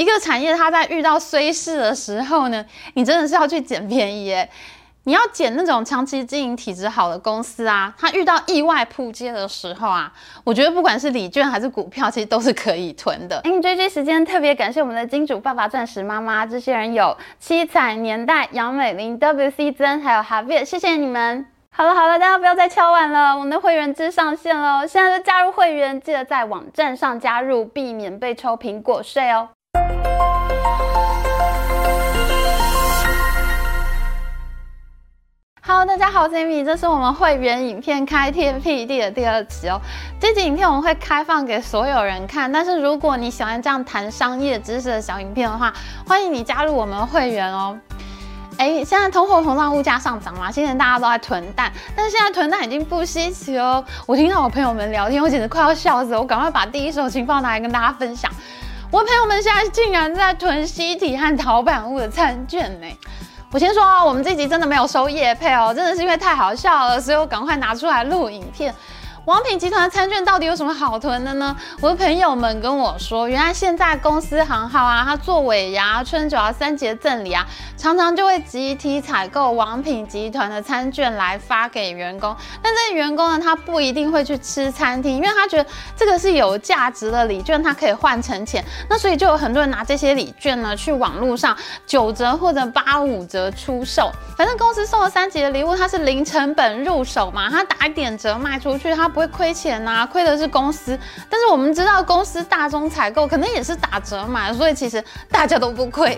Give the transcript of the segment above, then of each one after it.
一個產業，它在遇到衰勢的時候呢，你真的是要去撿便宜誒，你要撿那種長期經營體質好的公司啊。它遇到意外撲街的時候啊，我覺得不管是禮券還是股票，其實都是可以囤的。誒，你追劇時間特別感謝我們的金主爸爸、鑽石媽媽這些人，有七彩年代、楊美玲、W C ZEN，還有哈維，謝謝你們。好了好了，大家不要再敲碗了，我們的會員制上線了，現在就加入會員，記得在網站上加入，避免被抽蘋果稅哦。哈囉大家好，我是 Emmy，這是我們會員影片開天闢地的第二集哦。這集影片我們會開放給所有人看，但是如果你喜歡這樣談商業知識的小影片的話，歡迎你加入我們會員哦。哎，現在通貨膨脹，物價上漲啦，現在大家都在囤蛋，但是現在囤蛋已經不稀奇哦。我聽到我朋友們聊天，我簡直快要笑死了，我趕快把第一手情報拿來跟大家分享。我朋友們現在竟然在囤西堤和陶板屋的餐券呢。我先說啊、哦，我們這集真的沒有收業配哦，真的是因為太好笑了，所以我趕快拿出來錄影片。王品集團的餐券，到底有什麼好囤的呢？我的朋友們跟我說，原來現在公司行號啊，他做尾牙、啊、春酒啊、三節贈禮啊，常常就會集體採購王品集團的餐券來發給員工。但這些員工呢，他不一定會去吃餐廳，因為他覺得這個是有價值的禮券，他可以換成錢。那所以就有很多人拿這些禮券呢，去網絡上九折或者，八五折出售。反正公司送了三節的禮物，他是零成本入手嘛，他打一點折賣出去，他不會虧錢吶、啊，虧的是公司。但是我們知道，公司大宗採購可能也是打折嘛，所以其實大家都不虧。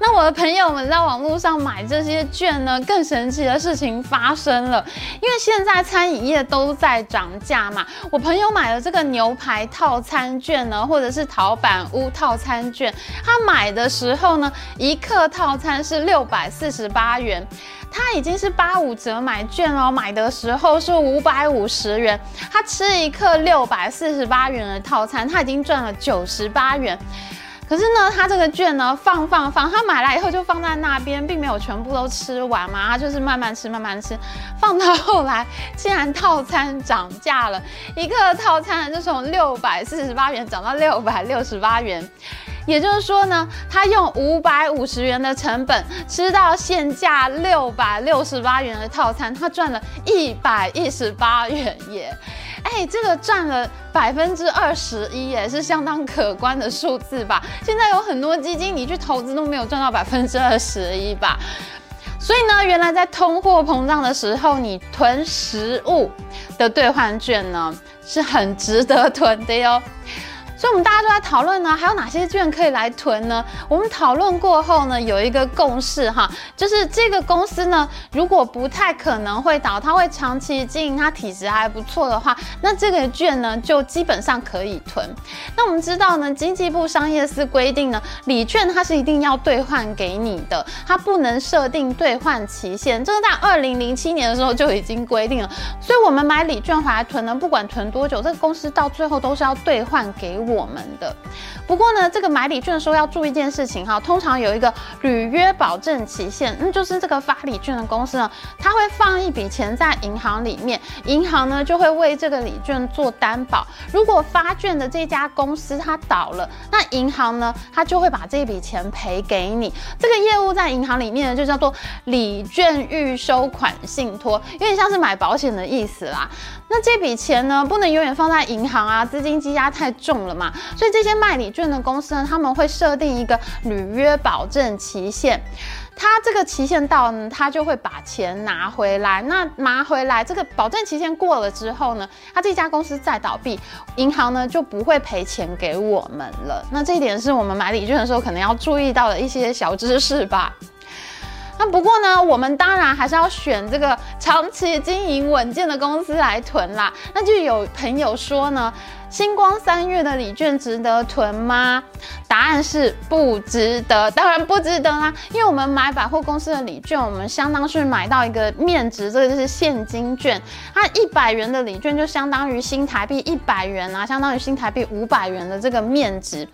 那我的朋友們在網絡上買這些券呢，更神奇的事情發生了，因為現在餐飲業都在漲價嘛。我朋友買了這個牛排套餐券呢，或者是陶板屋套餐券，他買的時候呢，一客套餐是六百四十八元，他已經是八五折買券哦，買的時候是五百五十元，他吃一客六百四十八元的套餐，他已經賺了九十八元。可是呢，他這個券呢放放放，他買來以後就放在那邊，並沒有全部都吃完嘛，他就是慢慢吃慢慢吃，放到後來竟然套餐漲價了，一個套餐就從六百四十八元漲到六百六十八元，也就是說呢，他用五百五十元的成本吃到現價六百六十八元的套餐，他賺了一百一十八元耶。哎，這個賺了百分之二十一，也是相當可觀的數字吧？現在有很多基金你去投資都沒有賺到百分之二十一吧？所以呢，原來在通貨膨脹的時候，你囤食物的兌換券呢，是很值得囤的喲、哦。所以，我們大家都在討論呢，還有哪些券可以來囤呢？我們討論過後呢，有一個共識哈，就是這個公司呢，如果不太可能會倒，它會長期經營，它體質還不錯的話，那這個券呢，就基本上可以囤。那我們知道呢，經濟部商業司規定呢，禮券它是一定要兌換給你的，它不能設定兌換期限，這個在二零零七年的時候就已經規定了。所以，我們買禮券回來囤呢，不管囤多久，這個公司到最後都是要兌換給。我們的，不過呢，這個買禮券的時候要注意一件事情哈、哦，通常有一個履約保證期限，那、嗯、就是這個發禮券的公司呢，他會放一筆錢在銀行裡面，銀行呢就會為這個禮券做擔保。如果發券的這家公司它倒了，那銀行呢，它就會把這筆錢賠給你。這個業務在銀行裡面呢，就叫做禮券預收款信托，有點像是買保險的意思啦。那這筆錢呢，不能永遠放在銀行啊，資金積壓太重了嘛。所以這些賣禮券的公司呢，他們會設定一個履約保證期限，它這個期限到呢，它就會把錢拿回來。那拿回來這個保證期限過了之後呢，它這家公司再倒閉，銀行呢就不會賠錢給我們了。那這一點是我們買禮券的時候可能要注意到的一些小知識吧。那不過呢，我們當然還是要選這個長期經營穩健的公司來囤啦。那就有朋友說呢。新光三越的禮券值得囤嗎？答案是不值得，當然不值得啦。因為我們買百貨公司的禮券，我們相當是買到一個面值，這個就是現金券。它一百元的禮券就相當於新台幣一百元啊，相當於新台幣五百元的這個面值。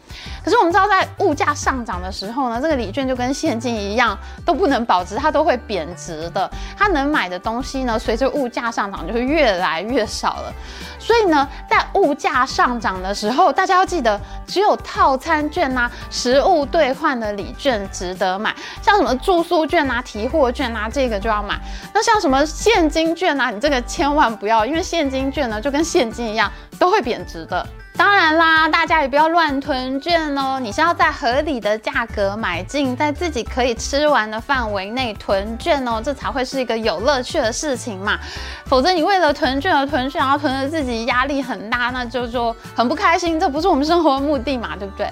可是我們知道，在物價上漲的時候呢，這個禮券就跟現金一樣，都不能保值，它都會貶值的。它能買的東西呢，隨着物價上漲，就會越來越少了。所以呢，在物價上漲的時候，大家要記得，只有套餐券吶、啊、實物兌換的禮券值得買，像什麼住宿券吶、啊、提貨券吶、啊，這個就要買。那像什麼現金券吶、啊，你這個千萬不要，因為現金券呢就跟現金一樣。都會貶值的，當然啦，大家也不要亂囤券哦。你是要在合理的價格買進，在自己可以吃完的範圍內囤券哦，這才會是一個有樂趣的事情嘛。否則你為了囤券而囤券，然後囤得自己壓力很大，那就說很不開心，這不是我們生活的目的嘛，對不對？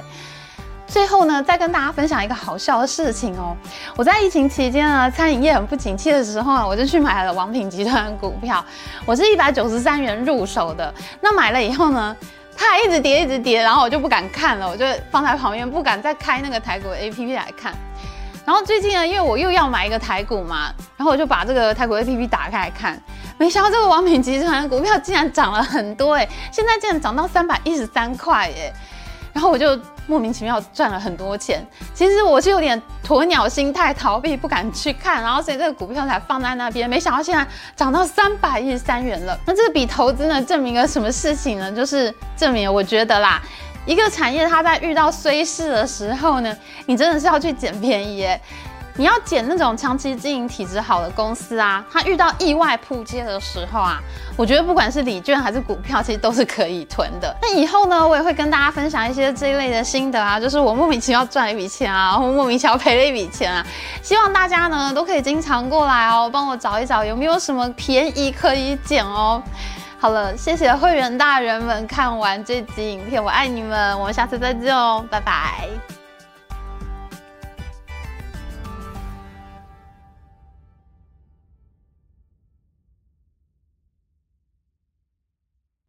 最後呢，再跟大家分享一個好笑的事情哦。我在疫情期間呢，餐飲業很不景氣的時候啊，我就去買了王品集團的股票，我是一百九十三元入手的。那買了以後呢，它還一直跌，一直跌，然後我就不敢看了，我就放在旁邊，不敢再開那個台股 APP 來看。然後最近呢，因為我又要買一個台股嘛，然後我就把這個台股 APP 打開來看，沒想到這個王品集團的股票竟然漲了很多，欸，哎，現在竟然漲到三百一十三塊，哎。然後我就莫名其妙賺了很多錢，其實我是有點鴕鳥心態，逃避不敢去看，然後所以這個股票才放在那邊。沒想到現在漲到三百一十三元了。那這筆投資呢，證明了什麼事情呢？就是證明我覺得啦，一個產業它在遇到衰勢的時候呢，你真的是要去撿便宜哎。你要撿那種長期經營體質好的公司啊，它遇到意外撲街的時候啊，我覺得不管是禮券還是股票，其實都是可以囤的。那以後呢，我也會跟大家分享一些這一類的心得啊，就是我莫名其妙賺了一筆錢啊，我莫名其妙賠了一筆錢啊。希望大家呢都可以經常過來哦，幫我找一找有沒有什麼便宜可以撿哦。好了，謝謝會員大人們看完這集影片，我愛你們，我們下次再見哦，拜拜。